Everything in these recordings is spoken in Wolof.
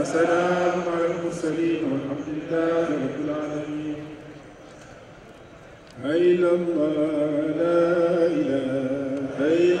وسلام على المرسلين والحمد لله رب العالمين أي لا إله إلا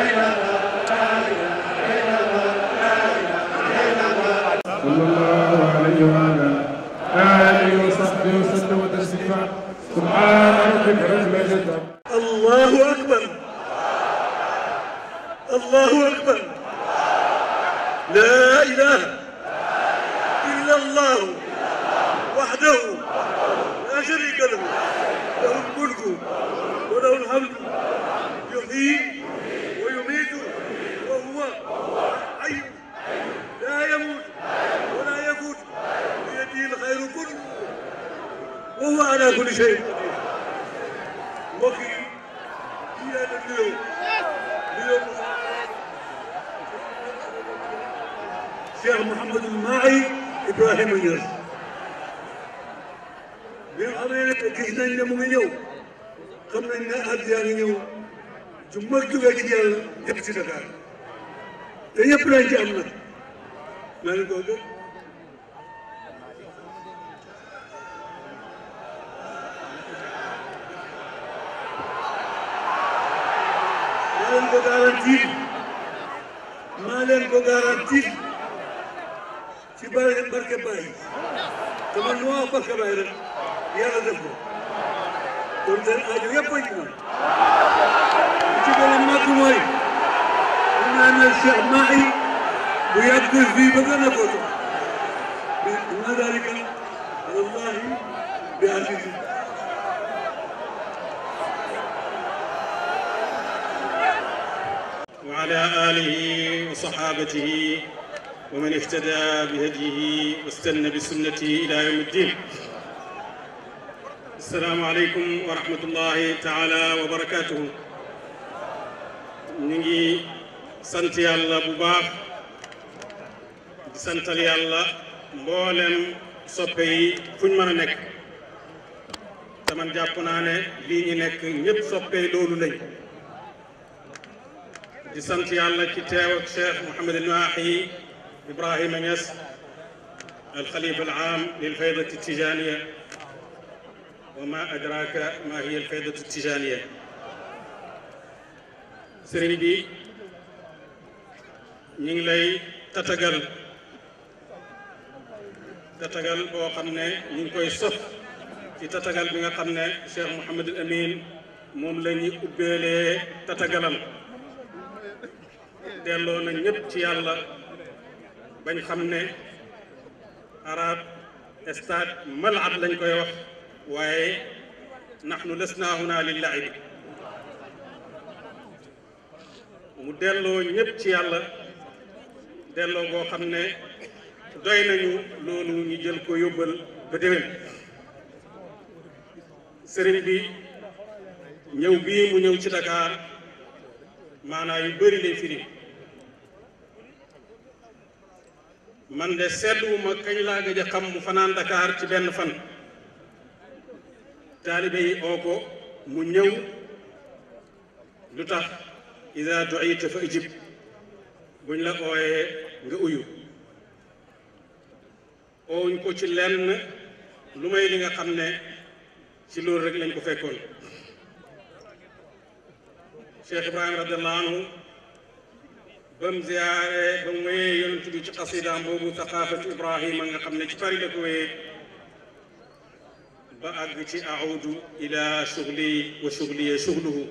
Ahí شيخ محمد الماعي ابراهيم اليوس بقرير كيشنا اليوم اليوم قبل ان اديان اليوم جمعك تلقى ديال جبت لك هي بلان ما نقول Başkaları yaradı bu. Onları acıya koymuyor. Çünkü ما كوي إن أنا الشعب معي ويدخل في بدن أبوته وما ذلك على الله بعزيز وعلى آله وصحابته ومن اهتدى بهديه واستنى بسنته إلى يوم الدين السلام عليكم ورحمة الله تعالى وبركاته نجي سنتي الله بباب سنتي الله مولم صبي فن مرنك تمن جابنا لين نك نب صبي دولو لين di sant yalla ci tew ak cheikh mohammed إبراهيم أنيس الخليفة العام للفيضة التجانية وما أدراك ما هي الفيضة التجانية سريبي نينلي تتقل تتقل بوقمنا نينكوي صف في تتقل بوقمنا شيخ محمد الأمين موم لاني اوبيلي تاتغالام ديلو نا الله bañ xam ne arab stade malab lañ koy wax waaye ndax nu nahnu naa huna lillahi bi mu delloo ñëpp ci yàlla delloo boo xam ne doy nañu loolu ñu jël ko yóbbal ba déwén sëriñ bi ñëw bii mu ñëw ci Dakar maanaa yu bëri lay man de sedduma kañlaga ja kammu fanan dakar ci benn fan talibe yi o ko mu ñëw lu tax ida duita fa ijib buñ la ooyee nga uyu owuñ ko ci lenn lu may li nga xam ne ci loolu rek lañ ko fekkoon cheikh ibrahim radiallahu anhu ba mu ziyaare ba mu wéyee yonent bi ci xasidaam boobu nga xam ne ci Paris la ko wéyee ba àgg ci audu ila shughli wa shughliya shughluhu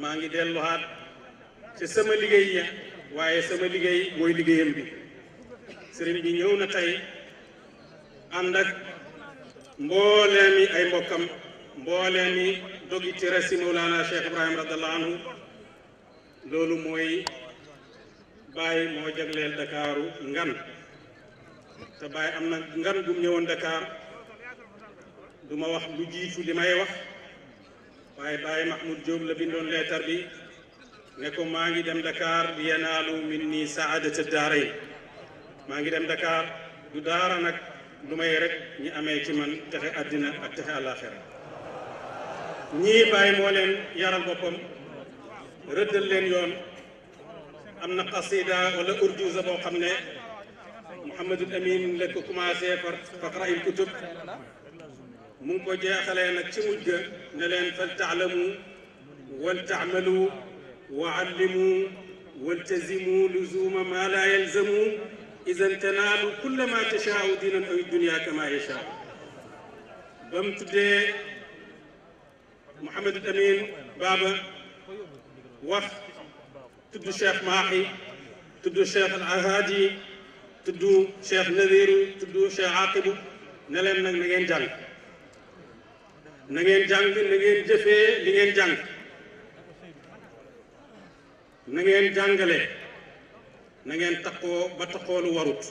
maa ngi dellu delluwaat ci sama liggéey waaye sama liggéey mooy liggéeyam bi sëriñ bi ñëw na tey ànd ak mbooleem yi ay mbokkam mbooleem yi dogi ci resi Mawlana Cheikh Ibrahima radiyallahu loolu mooy Baye moo jagleel Dakaaru ngan te Baye am na ngan gum ñëwoon Dakar du wax lu jiitu li may wax waaye Baye Mahmoud Diop la bindoon leetar bi ne ko maa ngi dem Dakar di yanaalu min nii saadata yi maa ngi dem Dakar du daara nag lu may rek ñi amee ci man texe àddina ak texe àllaaxira ñii Baye moo leen yaral boppam ردل لين يون امنا قصيده ولا اردو زبو خمنه محمد الامين لك كوماسي فقراء الكتب مونكو جاخله نا تي مودغ نلين فلتعلموا ولتعملوا وعلموا والتزموا لزوم ما لا يلزموا اذا تنالوا كل ما تشاءوا دينا او الدنيا كما يشاء بمتدي محمد الامين بابا wax tudd cheikh Mahi tudd cheikh al Ahadi tudd cheikh Naziru tudd cheikh Aqibu ne nag na ngeen jàng na ngeen jàng na ngeen jëfee li ngeen jàng na ngeen jàngalee na ngeen takkoo ba takkoo lu warut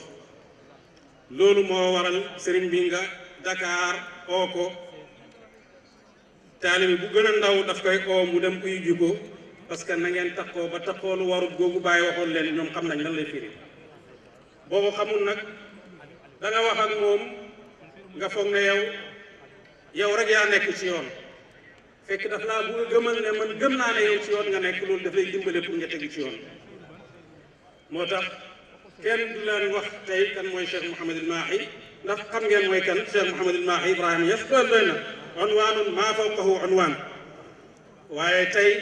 loolu moo waral sëriñ bi nga Dakar oo ko bu gën a ndaw daf koy oo mu dem uyu ji ko parce que na ngeen takkoo ba takkoo lu warut googu bàyyi waxoon leen ñoom xam nañ lan lay boo boobu xamul nag da nga wax ak moom nga foog ne yow yow rek yaa nekk ci yoon fekk daf naa bu gëmal ne man gëm naa ne yow ci yoon nga nekk loolu daf lay dimbale pour nga tegu yoon moo tax kenn du leen wax tey kan mooy Cheikh Mouhamadul Mahi ndax xam ngeen mooy kan Cheikh Mouhamadul Mahi Ibrahima Niass loolu waaye tey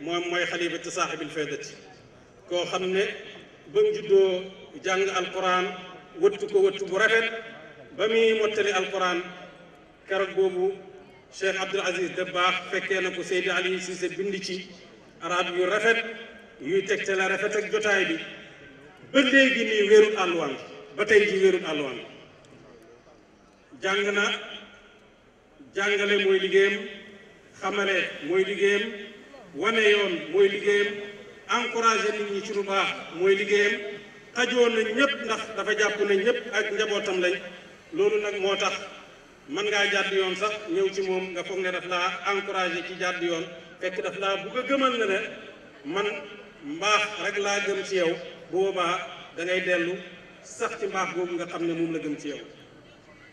moom mooy xalifa ci saaxibil faydati koo xam ne ba mu juddoo jàng alquran wëttu ko wëttu bu rafet ba muy mottali alquran keroog boobu Cheikh Abdoul Aziz Dabakh fekkee na ko Seydi Aliou Cissé bind ci arab yu rafet yuy tegte la rafet ak jotaay bi ba léegi nii wéerul àlluwaan ba tey ji wéerul àlluwaan jàng na jàngale mooy liggéeyam xamale mooy liggéeyam wane yoon mooy liggéeyam encouragé nit ñi ci lu baax mooy liggéeyam xajoon na ñëpp ndax dafa jàpp na ñëpp ak njabootam lañ loolu nag moo tax mën ngaa jàdd yoon sax ñëw ci moom nga foog ne daf laa encouragé ci jàdd yoon fekk daf laa bugg a gëmal na ne man mbaax rek laa gën ci yow boobaa dangay dellu sax ci mbaax boobu nga xam ne moom la gën ci yow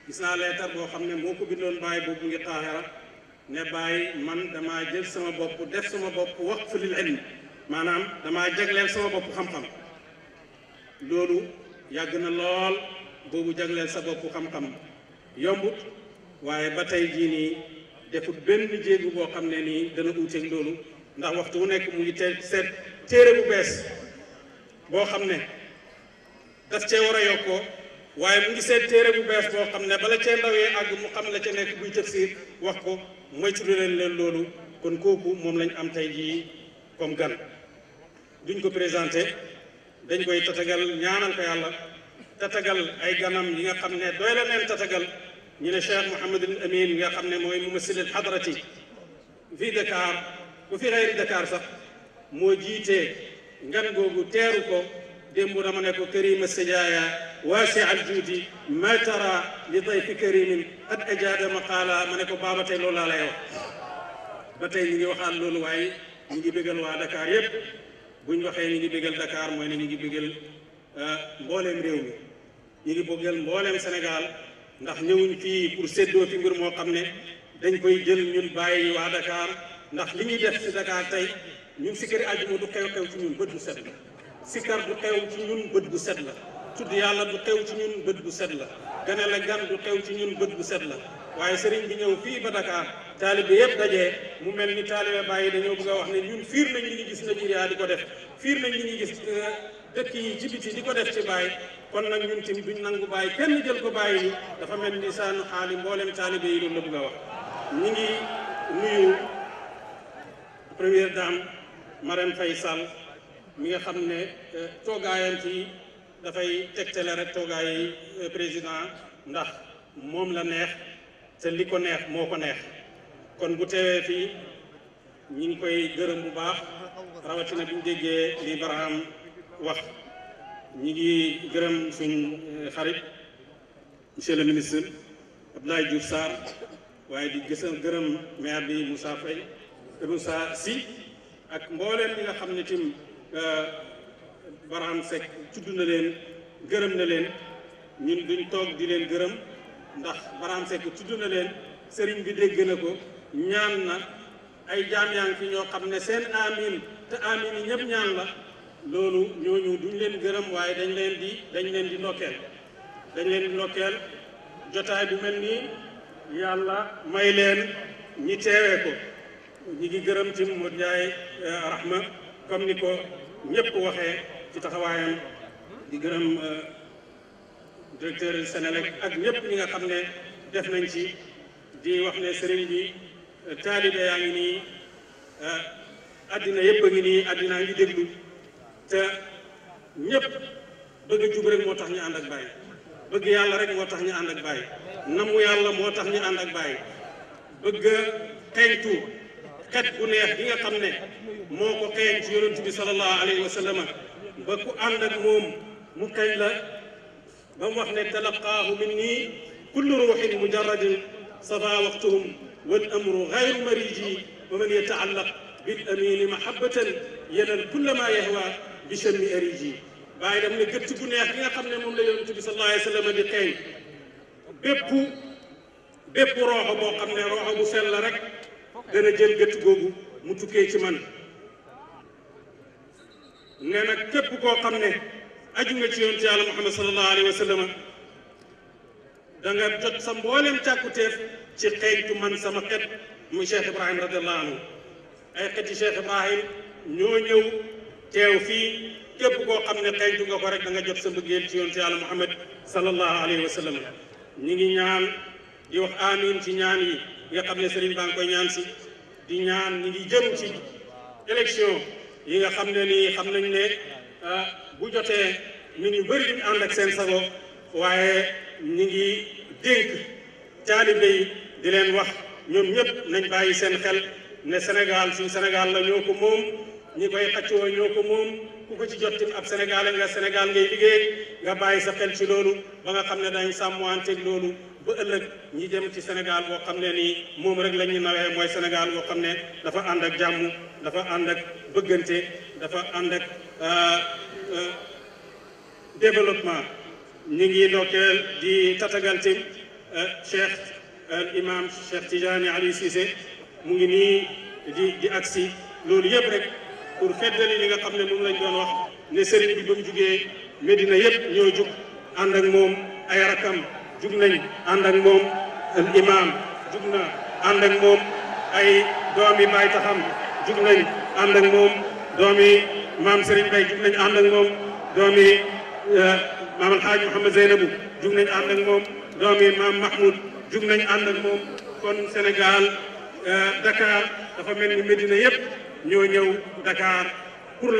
gis naa leetar boo xam ne moo ko bindoon bàyyi boobu ngi taaxera ne bàyyi man damaa jël sama bopp def sama bopp wax lil ilm maanaam damaa jagleel sama bopp xam-xam loolu yàgg na lool boobu jagleel sa bopp xam-xam yombut waaye ba tey jii nii defut benn jéegu boo xam ne nii dana uuteeg loolu ndax waxtu wu nekk mu ngi te seet téere bu bees boo xam ne daf cee war a yokkoo waaye mu ngi seet téere bu bees boo xam ne bala cee ndawee àgg mu xam la ca nekk buy si wax ko moytu leen leen loolu kon kooku moom lañ am tey jii comme gan duñ ko présenté dañ koy tatagal ñaanal ko yàlla tatagal ay ganam yi nga xam ne doy la leen tatagal ñu ne Cheikh Mouhamadul Amin nga xam ne mooy mumasilil hadrati fii Dakar bu fi xayri Dakar sax moo jiitee ngan googu teeru ko démb dama ne ko karima sajaaya waasi aljuudi ma tara li dayfi karimin qad ajaada maqaala ma ne ko baaba tey loolu laa lay wax ba tey ñu ngi waxaat loolu waaye ñu ngi bégal waa Dakar yépp buñ waxee ñu ngi bégal dakaar mooy ne ñu ngi bégal euh, mbooleem réew mi ñu ngi bëggal mbooleem Sénégal ndax ñëwuñ fii pour séddoo fi mbir moo xam ne dañ koy jël ñun bàyyi waa Dakar ndax li ñuy def ci Dakar tey ñun si këri àjjuma du xew-xew ci ñun bët bu set sikar du xew ci ñun bët bu set la tudd yàlla du xew ci ñun bët bu set la gane la gan du xew ci ñun bët bu set la waaye sëriñ bi ñëw fii ba Dakar taalibe yëpp dajee mu mel ni taalibe bàyyi dañoo bëgg a wax ne ñun fiir nañ gis ñu gis Nigeria di ko def fiir nañ li ñu gis euh, dëkk yi ci di ko def ci bàyyi kon nag ñun tim duñ nangu bàyyi kenn jël ko bàyyi ni dafa mel ni saanu xaali mboolem taalibe yi loolu la bëgg a wax ñu ngi nuyu première dame Marème Faye mi nga xam ne euh, toogaayam ci dafay tegtele rek toogaay euh, président ndax moom la neex te li ko neex moo ko neex kon bu teewee fii ñu ngi koy gërëm bu baax rawatina bi ñu déggee li Barham wax ñi ngi gërëm suñ euh, xarit monsieur le ministre Abdoulaye Diouf Sarr waaye di gësa gërëm maire bi Moussa Faye Moussa Sy ak mbooleem ñi nga xam ne tim Euh, Barham Seck tudd na leen gërëm na leen ñun duñ toog di leen gërëm ndax Barham Seck tudd na leen sëriñ bi dégg na ko ñaan na ay jaam yaa fi ñoo xam ne seen amin te amin yi ñëpp ñaan la loolu ñooñu duñ leen gërëm waaye dañ leen di dañ leen di ndokkeel dañ leen di ndokkeel jotaay bu mel nii yàlla may leen ñi teewee ko ñi ngi gërëm ci Modou Ndiaye euh, rahma comme ni ko ñëpp waxee ci taxawaayam di gërëm euh, directeur Sénélec ak ñëpp ñi nga xam ne def nañ ci di wax ne sëriñ bi euh, taalibe yaa ngi nii euh, àddina yëpp a ngi nii addinaa ngi déglu te ñëpp bëgg a rek moo tax ñu ànd ak bàyyi bëgg yàlla rek moo tax ñu ànd ak bàyyi namu yàlla moo tax ñu ànd ak bàyyi bëgg a teytu xet gu neex gi nga xam ne moo ko xeeñ ci yonent bi sallallahu alayhi wa sallam ba ku ànd ak moom mu kañ la ba mu wax ne talaqaahu min nii kullu ruuxin mujarradin safa waqtuhum wal amru gayru mariji wa man yataallaq bil amini mahabbatan yenal kulla ma yahwa bi shammi ariji bàyyi dam ne gëtt gu neex gi nga xam ne moom la yonent bi sallallahu alayhi wa sallam di xeeñ bépp bépp rooxo boo xam ne rooxo bu sell la rek dana jël gët googu mu tukkee ci man nee na képp koo xam ne aju nga ci yoon ci yàlla muhammad sallallahu alayhi wa sallam da nga jot sa mboolem càkkuteef ci xeetu man sama xet muy cheikh ibrahim radiallahu ay xet yi cheikh ibrahim ñoo ñëw teew fii képp koo xam ne xeetu nga ko rek danga nga jot sa mbëggeel ci yoon ci yàlla muhammad sallallahu alayhi wa sallam ñi ngi ñaan di wax amin ci ñaan yi nga xam ne sëriñ baa ngi koy ñaan si di ñaan ñi ngi jëm ci élection yi nga xam ne nii xam nañ ne ah, bu jotee ñu ñu bëri duñ ak seen sago waaye ñu ngi dénk taalibe yi di leen wax ñoom ñëpp nañ bàyyi seen xel ne Sénégal suñ Sénégal la ñoo ko moom ñi koy xaccoo ñoo ko moom ku ko ci jot ab Sénégal nga Sénégal ngay liggéey nga bàyyi sa xel ci loolu ba nga xam ne dañ sàmmanteeg loolu ba ëllëg ñi jëm ci Sénégal boo xam ne nii moom rek la ñu nawee mooy Sénégal boo xam ne dafa ànd ak jàmm dafa ànd ak bëggante dafa ànd ak développement ñu ngi ndokkeel di tatagal tim Cheikh al imam Cheikh Tidiane Aliou Cissé mu ngi nii di di agsi loolu yëpp rek pour feddali li nga xam ne moom lañ doon wax ne sëriñ bi ba mu jugee Medina yëpp ñoo jug ànd ak moom ay rakam jug nañ ànd ak moom al imam jug na ànd ak moom ay doomi baay taxam jug nañ ak moom doomi maam Serigne Bay jug nañ ànd ak moom doomi euh, maam alxaaj Mouhamed Zeynabu jug nañ ànd ak moom doomi maam Mahmoud jug nañ ànd ak moom kon Sénégal euh, Dakar dafa mel ni Médina yëpp ñoo ñëw Dakar pour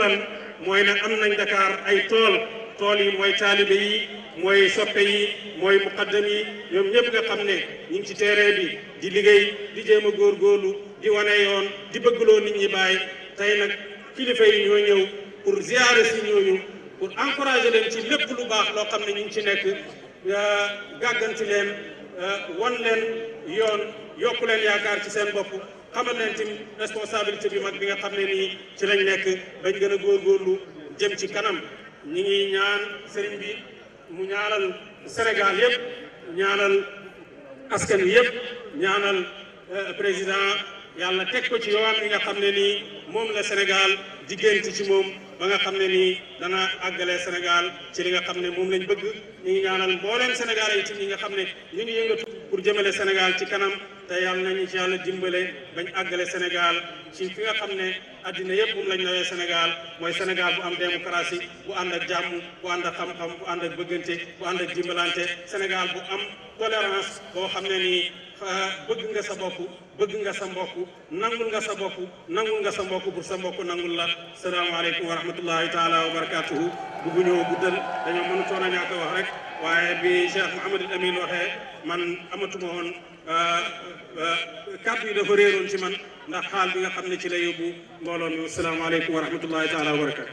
mooy ne am nañ Dakar ay tool tool yi mooy taalibe yi mooy soppe yi mooy muqaddam yi ñoom ñëpp nga xam ne ñu ngi ci terrain bi di liggéey di jéem a góorgóorlu di wane yoon di bëggloo nit ñi bàyyi tey nag kilifa yi ñoo ñëw pour ziare si ñooñu pour encourager leen ci lépp lu baax loo xam ne ñu ngi ci nekk gàgganti leen wan leen yoon yokku leen yaakaar ci seen bopp xamal leen tim responsabilité bi mag bi nga xam ne nii ci lañ nekk bañ gën a góor góorgóorlu jëm ci kanam ñi ngi ñaan sëriñ bi mu ñaanal Sénégal yëpp ñaanal askan wi yëpp ñaanal euh, président yàlla teg ko ci yoon yi nga xam ne nii moom la Sénégal diggante ci moom ba nga xam ne nii dana àggale Sénégal ci li nga xam ne moom lañ bëgg ñu ngi ñaanal mbooleem Sénégal yi ci ñi nga xam ne ñu ngi yëngatu pour jëmale Sénégal ci kanam te yàlla nañu ci yàlla dimbale bañ àggale Sénégal ci fi nga xam ne àddina yëpp moom lañ nawee Sénégal mooy Sénégal bu am démocratie bu ànd ak jàmm bu ànd ak xam-xam bu ànd ak bëggante bu ànd ak dimbalante Sénégal bu am tolérance boo xam ne nii bëgg nga sa bopp bëgg nga sa mbokk nangul nga sa bopp nangul nga sa mbokk pour sa mbokk nangul la salaamaaleykum wa rahmatullahi taala wa barakatuhu buggu ñëw guddal dañoo mënu toon a ñàkk wax rek waaye bi Cheikh Euh, euh, kàddu yi dafa réeroon ci man ndax xaal bi nga xam ne ci la yóbbu mbooloo mi asalaamaaleykum wa rahmatullahi taala wa barakatu